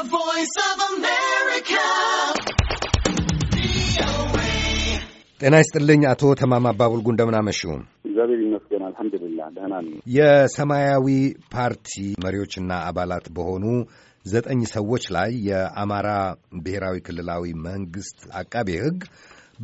The Voice of America. ጤና ይስጥልኝ አቶ ተማማ አባቡልጉ እንደምን አመሹ? እግዚአብሔር ይመስገን አልሐምዱሊላ ደህና ነኝ። የሰማያዊ ፓርቲ መሪዎችና አባላት በሆኑ ዘጠኝ ሰዎች ላይ የአማራ ብሔራዊ ክልላዊ መንግስት አቃቤ ሕግ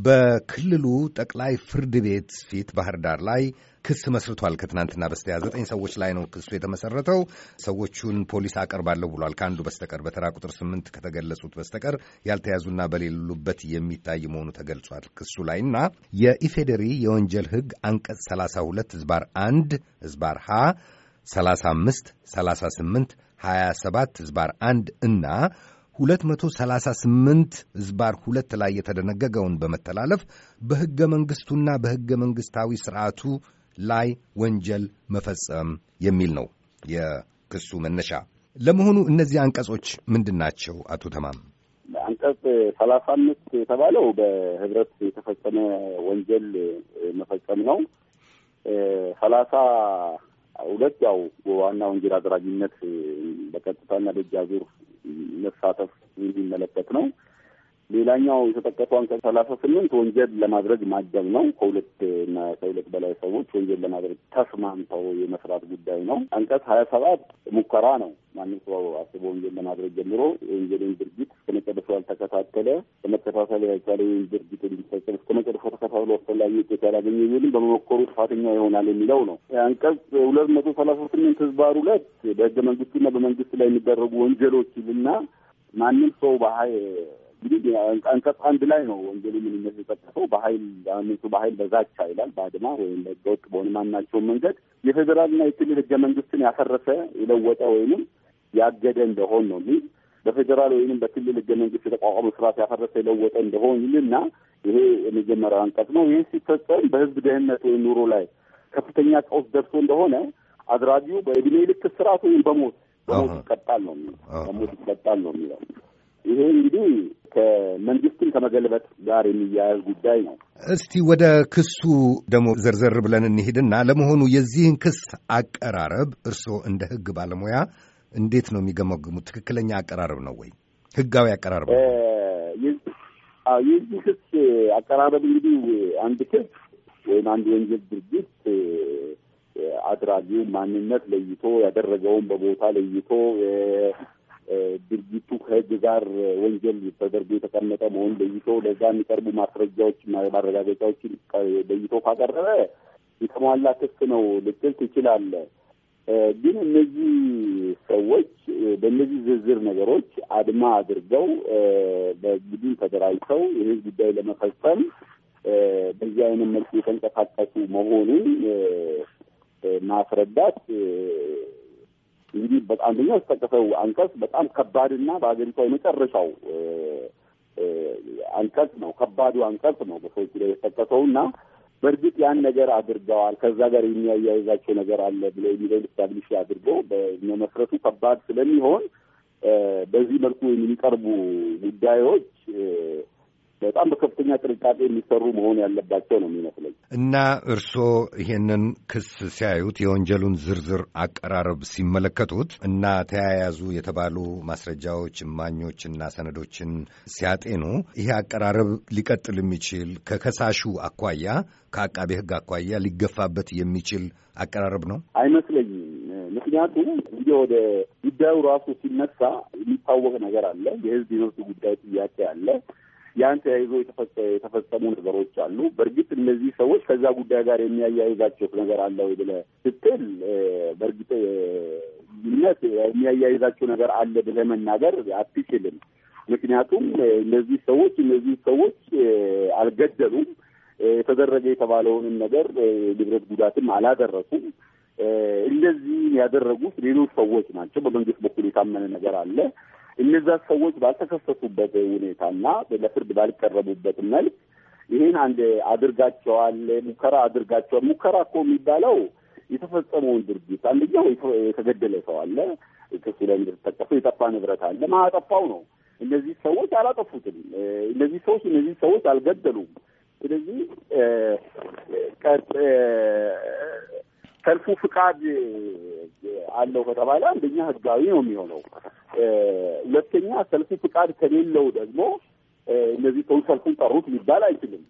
በክልሉ ጠቅላይ ፍርድ ቤት ፊት ባህር ዳር ላይ ክስ መስርቷል። ከትናንትና በስቲያ ዘጠኝ ሰዎች ላይ ነው ክሱ የተመሰረተው። ሰዎቹን ፖሊስ አቀርባለሁ ብሏል። ከአንዱ በስተቀር በተራ ቁጥር ስምንት ከተገለጹት በስተቀር ያልተያዙና በሌሉበት የሚታይ መሆኑ ተገልጿል ክሱ ላይ እና የኢፌዴሪ የወንጀል ሕግ አንቀጽ 32 ዝባር 1 ዝባር ሀ 35 38 27 ዝባር 1 እና 238 ዝባር ሁለት ላይ የተደነገገውን በመተላለፍ በሕገ መንግሥቱና በሕገ መንግሥታዊ ስርዓቱ ላይ ወንጀል መፈጸም የሚል ነው የክሱ መነሻ። ለመሆኑ እነዚህ አንቀጾች ምንድን ናቸው? አቶ ተማም አንቀጽ ሰላሳ አምስት የተባለው በህብረት የተፈጸመ ወንጀል መፈጸም ነው። ሰላሳ ሁለት ያው ዋና ወንጀል አድራጊነት በቀጥታና በእጅ አዙር መሳተፍ የሚመለከት ነው። ሌላኛው የተጠቀሰው አንቀጽ ሰላሳ ስምንት ወንጀል ለማድረግ ማደብ ነው። ከሁለት እና ከሁለት በላይ ሰዎች ወንጀል ለማድረግ ተስማምተው የመስራት ጉዳይ ነው። አንቀጽ ሀያ ሰባት ሙከራ ነው። ማንም ሰው አስቦ ወንጀል ለማድረግ ጀምሮ የወንጀልን ድርጊት እስከ መጨረሻው ያልተከታተለ በመከታተል ያልቻለ ድርጊት እንዲፈጸም እስከ መጨረሻው ሀይል አስፈላጊ ውጤት ያላገኘ የሚልም በመሞከሩ ጥፋተኛ ይሆናል የሚለው ነው። አንቀጽ ሁለት መቶ ሰላሳ ስምንት ህዝባር ሁለት በህገ መንግስቱና በመንግስት ላይ የሚደረጉ ወንጀሎች ይልና ማንም ሰው በሀይ አንቀጽ አንድ ላይ ነው ወንጀሉ ምንነት የጠቀሰው በሀይል አመቱ በሀይል በዛቻ ይላል። በአድማ ወይም በህገወጥ በሆነ ማናቸውም መንገድ የፌዴራልና የክልል ህገ መንግስትን ያፈረሰ የለወጠ ወይንም ያገደ እንደሆን ነው የሚል በፌዴራል ወይም በክልል ህገ መንግስት የተቋቋመ ስርዓት ያፈረሰ የለወጠ እንደሆን ይልና ይሄ የመጀመሪያው አንቀጽ ነው። ይህ ሲፈጸም በህዝብ ደህንነት ወይም ኑሮ ላይ ከፍተኛ ቀውስ ደርሶ እንደሆነ አድራጊው በእድሜ ልክ ስርዓት ወይም በሞት በሞት ይቀጣል ነው የሚለው በሞት ይቀጣል ነው የሚለው። ይሄ እንግዲህ ከመንግስትን ከመገልበጥ ጋር የሚያያዝ ጉዳይ ነው። እስቲ ወደ ክሱ ደግሞ ዘርዘር ብለን እንሄድና ለመሆኑ የዚህን ክስ አቀራረብ እርስዎ እንደ ህግ ባለሙያ እንዴት ነው የሚገመግሙት? ትክክለኛ አቀራረብ ነው ወይ? ህጋዊ አቀራረብ ነው? የዚህ ክስ አቀራረብ እንግዲህ አንድ ክስ ወይም አንድ ወንጀል ድርጊት አድራጊ ማንነት ለይቶ ያደረገውን በቦታ ለይቶ ድርጊቱ ከህግ ጋር ወንጀል ተደርጎ የተቀመጠ መሆን ለይቶ ለዛ የሚቀርቡ ማስረጃዎች ማረጋገጫዎችን ለይቶ ካቀረበ የተሟላ ክስ ነው ልትል ትችላለህ። ግን እነዚህ ሰዎች በእነዚህ ዝርዝር ነገሮች አድማ አድርገው በቡድን ተደራጅተው ይህን ጉዳይ ለመፈጸም በዚህ አይነት መልኩ የተንቀሳቀሱ መሆኑን ማስረዳት እንግዲህ አንደኛው የተጠቀሰው አንቀጽ በጣም ከባድና በሀገሪቷ የመጨረሻው አንቀጽ ነው። ከባዱ አንቀጽ ነው በሰዎች ላይ የተጠቀሰው እና በእርግጥ ያን ነገር አድርገዋል፣ ከዛ ጋር የሚያያይዛቸው ነገር አለ ብሎ የሚለውን ስታብሊሽ አድርጎ መመስረቱ ከባድ ስለሚሆን በዚህ መልኩ የሚቀርቡ ጉዳዮች በጣም በከፍተኛ ጥንቃቄ የሚሰሩ መሆን ያለባቸው ነው የሚመስለኝ እና እርስዎ ይሄንን ክስ ሲያዩት የወንጀሉን ዝርዝር አቀራረብ ሲመለከቱት እና ተያያዙ የተባሉ ማስረጃዎች እና ሰነዶችን ሲያጤኑ ይሄ አቀራረብ ሊቀጥል የሚችል ከከሳሹ አኳያ ከአቃቤ ሕግ አኳያ ሊገፋበት የሚችል አቀራረብ ነው አይመስለኝም። ምክንያቱም እንዲህ ወደ ጉዳዩ ራሱ ሲነሳ የሚታወቅ ነገር አለ። የሕዝብ የመብት ጉዳይ ጥያቄ አለ። ያን ተያይዞ የተፈጸሙ ነገሮች አሉ። በእርግጥ እነዚህ ሰዎች ከዛ ጉዳይ ጋር የሚያያይዛቸው ነገር አለ ወይ ብለህ ስትል በእርግጥ ግንኙነት የሚያያይዛቸው ነገር አለ ብለህ መናገር አትችልም። ምክንያቱም እነዚህ ሰዎች እነዚህ ሰዎች አልገደሉም። የተደረገ የተባለውንም ነገር ንብረት ጉዳትም አላደረሱም። እንደዚህ ያደረጉት ሌሎች ሰዎች ናቸው። በመንግስት በኩል የታመነ ነገር አለ። እነዛ ሰዎች ባልተከሰሱበት ሁኔታና ለፍርድ ባልቀረቡበት መልክ ይህን አንድ አድርጋቸዋል፣ ሙከራ አድርጋቸዋል። ሙከራ እኮ የሚባለው የተፈጸመውን ድርጊት አንደኛው የተገደለ ሰው አለ፣ ክሱ ላይ እንደተጠቀሰው የጠፋ ንብረት አለ። ማጠፋው ነው። እነዚህ ሰዎች አላጠፉትም። እነዚህ ሰዎች እነዚህ ሰዎች አልገደሉም። ስለዚህ ሰልፉ ፍቃድ አለው ከተባለ አንደኛ ህጋዊ ነው የሚሆነው ሁለተኛ ሰልፉ ፍቃድ ከሌለው ደግሞ እነዚህ ሰው ሰልፉን ጠሩት ሊባል አይችልም።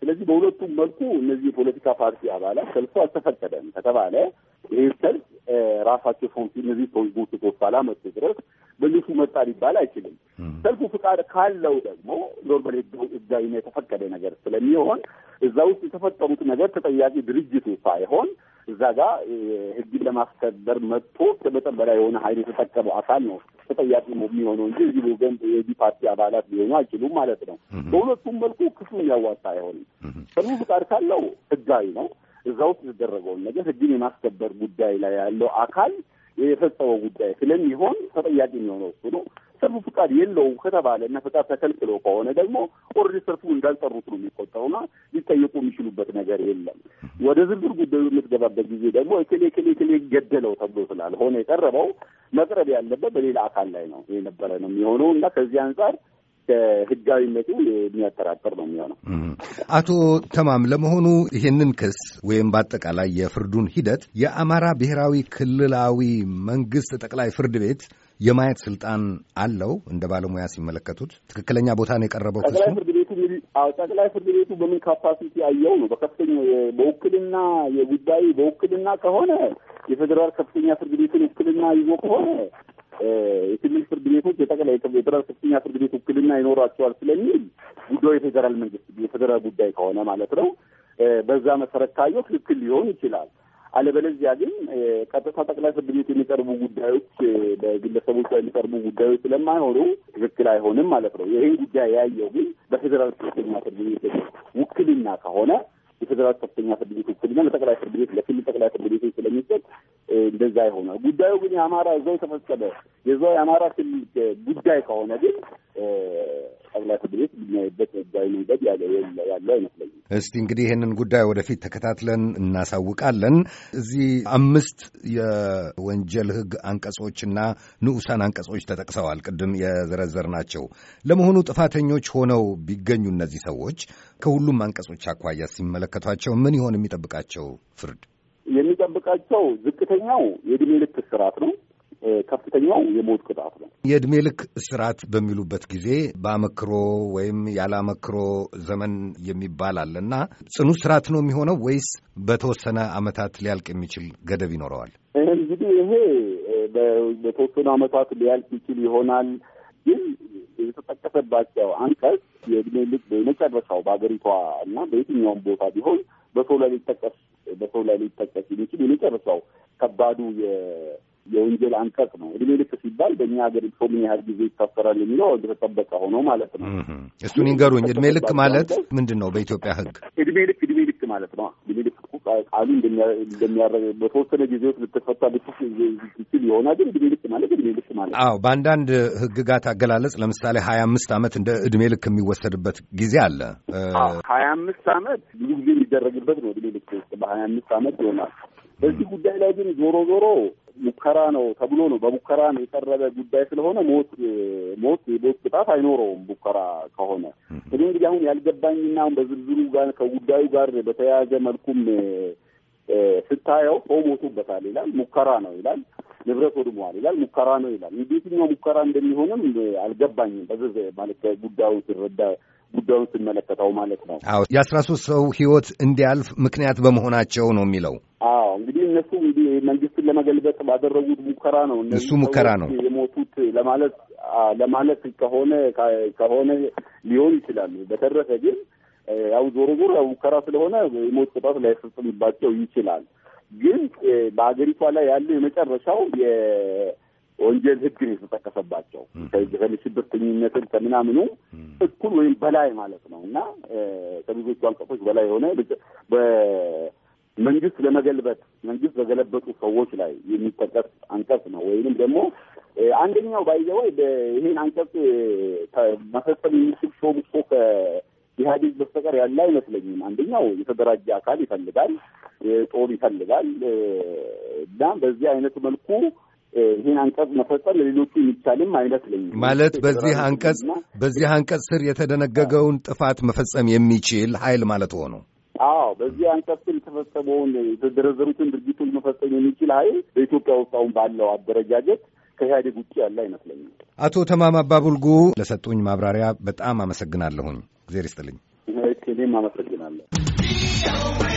ስለዚህ በሁለቱም መልኩ እነዚህ የፖለቲካ ፓርቲ አባላት ሰልፉ አልተፈቀደም ከተባለ ይህ ሰልፍ ራሳቸው ሰዎች እነዚህ ሰዎች ቦት ጎትቶ መጡ ድረስ በእነሱ መጣ ሊባል አይችልም። ሰልፉ ፍቃድ ካለው ደግሞ ኖርማል ህጋዊና የተፈቀደ ነገር ስለሚሆን እዛ ውስጥ የተፈጠሩት ነገር ተጠያቂ ድርጅቱ ሳይሆን እዛ ጋር ህግን ለማስከበር መጥቶ ከመጠን በላይ የሆነ ሀይል የተጠቀመው አካል ነው ተጠያቂ የሚሆነው እንጂ እዚህ ወገን የዚህ ፓርቲ አባላት ሊሆኑ አይችሉም ማለት ነው። በሁለቱም መልኩ ክፍሉ ያዋጣ አይሆንም። ጥሩ ፍቃድ ካለው ህጋዊ ነው። እዛ ውስጥ የተደረገውን ነገር ህግን የማስከበር ጉዳይ ላይ ያለው አካል የፈጸመው ጉዳይ ስለሚሆን ተጠያቂ የሚሆነው እሱ ነው። ሰልፉ ፍቃድ የለውም ከተባለ እና ፍቃድ ተከልክሎ ከሆነ ደግሞ ኦልሬዲ ሰልፉ እንዳልጠሩት ነው የሚቆጠሩና ሊጠየቁ የሚችሉበት ነገር የለም። ወደ ዝርዝር ጉዳዩ የምትገባበት ጊዜ ደግሞ እክሌ ክሌ ክሌ ገደለው ተብሎ ስላልሆነ የቀረበው መቅረብ ያለበት በሌላ አካል ላይ ነው የነበረ ነው የሚሆነው እና ከዚህ አንጻር ከህጋዊነቱ የሚያጠራጥር ነው የሚሆነው። አቶ ተማም፣ ለመሆኑ ይሄንን ክስ ወይም በአጠቃላይ የፍርዱን ሂደት የአማራ ብሔራዊ ክልላዊ መንግስት ጠቅላይ ፍርድ ቤት የማየት ስልጣን አለው እንደ ባለሙያ ሲመለከቱት ትክክለኛ ቦታ ነው የቀረበው ክሱ ጠቅላይ ፍርድ ቤቱ በምን ካፓሲቲ አየው ነው በከፍተኛ በውክልና የጉዳይ በውክልና ከሆነ የፌዴራል ከፍተኛ ፍርድ ቤትን ውክልና ይዞ ከሆነ የክልል ፍርድ ቤቶች የጠቅላይ የፌዴራል ከፍተኛ ፍርድ ቤት ውክልና ይኖራቸዋል ስለሚል ጉዳዩ የፌዴራል መንግስት የፌዴራል ጉዳይ ከሆነ ማለት ነው በዛ መሰረት ካየው ትክክል ሊሆን ይችላል አለበለዚያ ግን ቀጥታ ጠቅላይ ፍርድ ቤት የሚቀርቡ ጉዳዮች በግለሰቦች ላይ የሚቀርቡ ጉዳዮች ስለማይሆኑ ትክክል አይሆንም ማለት ነው። ይህን ጉዳይ ያየው ግን በፌዴራል ከፍተኛ ፍርድ ቤት ውክልና ከሆነ የፌዴራል ከፍተኛ ፍርድ ቤት ውክልና ለጠቅላይ ፍርድ ቤት ለክልል ጠቅላይ ፍርድ ቤት ስለሚሰጥ እንደዛ ይሆናል። ጉዳዩ ግን የአማራ እዛው የተፈጸመ የዛው የአማራ ክልል ጉዳይ ከሆነ ግን ጠቅላይ ፍርድ ብናይበት ህጋዊ መንገድ ያለ ያለ አይመስለኝም። እስቲ እንግዲህ ይህንን ጉዳይ ወደፊት ተከታትለን እናሳውቃለን። እዚህ አምስት የወንጀል ህግ አንቀጾችና ንዑሳን አንቀጾች ተጠቅሰዋል፣ ቅድም የዘረዘር ናቸው። ለመሆኑ ጥፋተኞች ሆነው ቢገኙ እነዚህ ሰዎች ከሁሉም አንቀጾች አኳያ ሲመለከቷቸው ምን ይሆን የሚጠብቃቸው ፍርድ? የሚጠብቃቸው ዝቅተኛው የዕድሜ ልክ እስራት ነው። ከፍተኛው የሞት ቅጣት ነው። የእድሜ ልክ እስራት በሚሉበት ጊዜ በአመክሮ ወይም ያለአመክሮ ዘመን የሚባል አለ እና ጽኑ እስራት ነው የሚሆነው ወይስ በተወሰነ አመታት ሊያልቅ የሚችል ገደብ ይኖረዋል? እንግዲህ ይሄ በተወሰኑ አመታት ሊያልቅ ይችል ይሆናል ግን የተጠቀሰባቸው አንቀጽ የእድሜ ልክ በመጨረሻው በሀገሪቷ እና በየትኛውም ቦታ ቢሆን በሰው ላይ ሊጠቀስ በሰው ላይ ሊጠቀስ የሚችል የመጨረሻው ከባዱ የወንጀል አንቀጽ ነው። እድሜ ልክ ሲባል በእኛ ሀገር ሰው ምን ያህል ጊዜ ይታሰራል የሚለው እንደተጠበቀ ሆኖ ማለት ነው። እሱን ይንገሩኝ። እድሜ ልክ ማለት ምንድን ነው? በኢትዮጵያ ሕግ እድሜ ልክ እድሜ ልክ ማለት ነው። እድሜ ልክ ቃሉ እንደሚያደርግ በተወሰነ ጊዜዎች ልትፈታ ልትችል የሆነ ግን እድሜ ልክ ማለት እድሜ ልክ ማለት አዎ፣ በአንዳንድ ሕግጋት አገላለጽ ለምሳሌ ሀያ አምስት ዓመት እንደ እድሜ ልክ የሚወሰድበት ጊዜ አለ። ሀያ አምስት ዓመት ብዙ ጊዜ የሚደረግበት ነው። እድሜ ልክ በሀያ አምስት ዓመት ይሆናል። በዚህ ጉዳይ ላይ ግን ዞሮ ዞሮ ሙከራ ነው ተብሎ ነው በሙከራ የቀረበ ጉዳይ ስለሆነ ሞት ሞት የሞት ቅጣት አይኖረውም። ሙከራ ከሆነ እኔ እንግዲህ አሁን ያልገባኝና አሁን በዝርዝሩ ጋር ከጉዳዩ ጋር በተያያዘ መልኩም ስታየው ሰው ሞቶበታል ይላል፣ ሙከራ ነው ይላል፣ ንብረት ወድመዋል ይላል፣ ሙከራ ነው ይላል። እንዴትኛው ሙከራ እንደሚሆንም አልገባኝም። በዝ ማለት ጉዳዩ ሲረዳ ጉዳዩን ስመለከተው ማለት ነው። አዎ የአስራ ሶስት ሰው ህይወት እንዲያልፍ ምክንያት በመሆናቸው ነው የሚለው እነሱ እንግዲህ መንግስትን ለመገልበጥ ባደረጉት ሙከራ ነው እሱ ሙከራ ነው የሞቱት ለማለት ለማለት ከሆነ ከሆነ ሊሆን ይችላል። በተረፈ ግን ያው ዞሮ ዞሮ ያው ሙከራ ስለሆነ የሞት ቅጣት ላይፈጽምባቸው ይችላል። ግን በሀገሪቷ ላይ ያለው የመጨረሻው የወንጀል ህግ ነው የተጠቀሰባቸው ከሽብርተኝነትን ከምናምኑ እኩል ወይም በላይ ማለት ነው እና ከብዙዎቹ አንቀጾች በላይ የሆነ መንግስት ለመገልበጥ መንግስት በገለበጡ ሰዎች ላይ የሚጠቀስ አንቀጽ ነው። ወይንም ደግሞ አንደኛው ባይዘወይ ይህን አንቀጽ መፈጸም የሚችል ሰውም እኮ ከኢህአዴግ በስተቀር ያለ አይመስለኝም። አንደኛው የተደራጀ አካል ይፈልጋል፣ ጦር ይፈልጋል እና በዚህ አይነት መልኩ ይህን አንቀጽ መፈጸም ለሌሎቹ የሚቻልም አይመስለኝም። ማለት በዚህ አንቀጽ በዚህ አንቀጽ ስር የተደነገገውን ጥፋት መፈጸም የሚችል ሀይል ማለት ሆነው አዎ በዚህ አንቀጽ ስር የተፈጸመውን የተደረዘሩትን ድርጊቶች መፈጸም የሚችል ኃይል በኢትዮጵያ ውስጥ አሁን ባለው አደረጃጀት ከኢህአዴግ ውጭ ያለ አይመስለኝም። አቶ ተማም አባቡልጉ ለሰጡኝ ማብራሪያ በጣም አመሰግናለሁኝ። እግዜር ይስጥልኝ። እኔም አመሰግናለሁ።